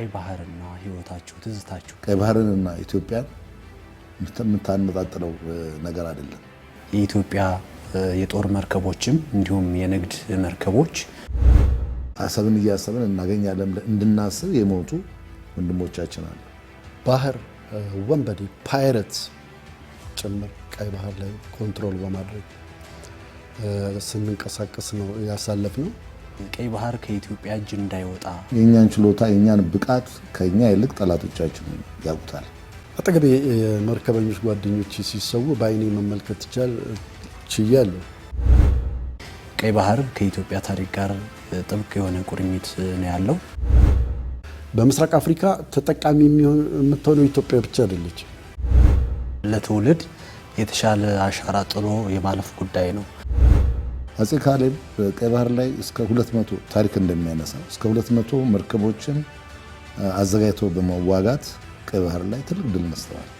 ቀይ ባህርና ህይወታችሁ ትዝታችሁ ቀይ ባህርንና ኢትዮጵያን የምታነጣጥለው ነገር አይደለም። የኢትዮጵያ የጦር መርከቦችም እንዲሁም የንግድ መርከቦች አሰብን እያሰብን እናገኛለን እንድናስብ የሞቱ ወንድሞቻችን አሉ። ባህር ወንበዴ ፓይረት ጭምር ቀይ ባህር ላይ ኮንትሮል በማድረግ ስንንቀሳቀስ ነው ያሳለፍ ነው። ቀይ ባህር ከኢትዮጵያ እጅ እንዳይወጣ የእኛን ችሎታ የእኛን ብቃት ከእኛ ይልቅ ጠላቶቻችን ያውቁታል። አጠገቤ መርከበኞች ጓደኞች ሲሰዉ በአይኔ መመልከት ይቻል ችያለሁ። ቀይ ባህር ከኢትዮጵያ ታሪክ ጋር ጥብቅ የሆነ ቁርኝት ነው ያለው። በምስራቅ አፍሪካ ተጠቃሚ የምትሆነው ኢትዮጵያ ብቻ አይደለች፣ ለትውልድ የተሻለ አሻራ ጥሎ የማለፍ ጉዳይ ነው። አጼ ካሌብ በቀይ ባህር ላይ እስከ 200 ታሪክ እንደሚያነሳው እስከ 200 መርከቦችን አዘጋጅተው በመዋጋት ቀይ ባህር ላይ ትልቅ ድል ነስተዋል።